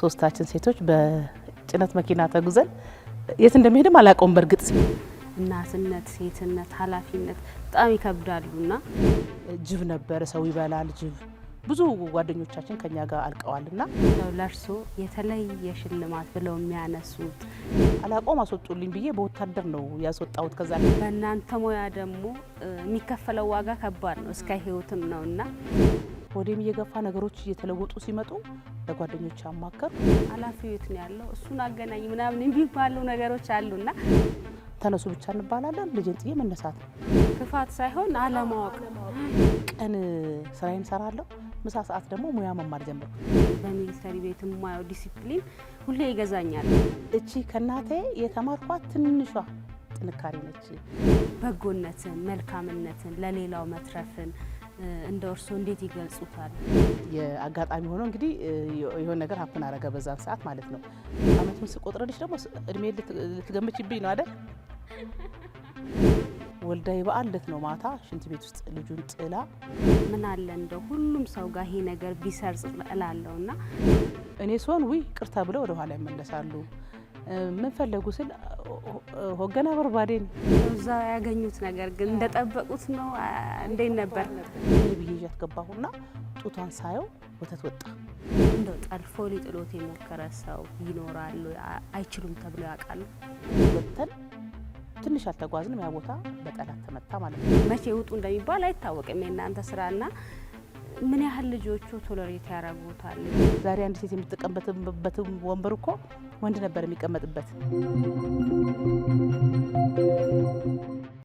ሶስታችን ሴቶች በጭነት መኪና ተጉዘን የት እንደሚሄድም አላውቀውም። በእርግጥ እናትነት፣ ሴትነት፣ ኃላፊነት በጣም ይከብዳሉና ጅብ ነበረ። ሰው ይበላል ጅብ። ብዙ ጓደኞቻችን ከኛ ጋር አልቀዋልና ለእርሶ የተለየ ሽልማት ብለው የሚያነሱት አላቆም አስወጡልኝ ብዬ በወታደር ነው ያስወጣሁት። ከዛ በእናንተ ሙያ ደግሞ የሚከፈለው ዋጋ ከባድ ነው እስከ ህይወትም ነውና ወደም እየገፋ ነገሮች እየተለወጡ ሲመጡ ለጓደኞች አማከሩ። ኃላፊው የት ነው ያለው? እሱን አገናኝ ምናምን የሚባሉ ነገሮች አሉና ተነሱ ብቻ እንባላለን። ልጅን ጥዬ መነሳት ክፋት ሳይሆን አለማወቅ። ቀን ስራዬን እሰራለሁ፣ ምሳ ሰዓት ደግሞ ሙያ መማር ጀምር በሚሊተሪ ቤት የማየው ዲሲፕሊን ሁሌ ይገዛኛል። እቺ ከእናቴ የተማርኳት ትንሿ ጥንካሬ ነች። በጎነትን፣ መልካምነትን፣ ለሌላው መትረፍን እንደ እርሶ እንዴት ይገልጹታል? የአጋጣሚ ሆኖ እንግዲህ የሆነ ነገር ሀፍን አረገ በዛን ሰዓት ማለት ነው። አመቱን ስቆጥረልሽ ደግሞ እድሜ ልትገምችብኝ ነው አይደል? ወልዳ በአል ዕለት ነው ማታ ሽንት ቤት ውስጥ ልጁን ጥላ ምን አለ እንደው ሁሉም ሰው ጋር ይሄ ነገር ቢሰርጽ እላለሁ እና እኔ ሲሆን ውይ ቅርታ ብለው ወደኋላ ይመለሳሉ። ምን ፈለጉ ስል ሆገና በርባዴ ነው። እዛ ያገኙት ነገር ግን እንደጠበቁት ነው። እንዴት ነበር ብዬ ይዣት ገባሁና ጡቷን ሳየው ወተት ወጣ። እንደው ጠልፎ ሊጥሎት የሞከረ ሰው ይኖራሉ። አይችሉም ተብሎ ያውቃሉ። ወተን ትንሽ አልተጓዝንም። ያ ቦታ በጠላት ተመታ ማለት ነው። መቼ ውጡ እንደሚባል አይታወቅም። የእናንተ ስራና ምን ያህል ልጆቹ ቶሎሬት ያደርጉታል። ዛሬ አንድ ሴት የምትጠቀምበትበት ወንበር እኮ ወንድ ነበር የሚቀመጥበት።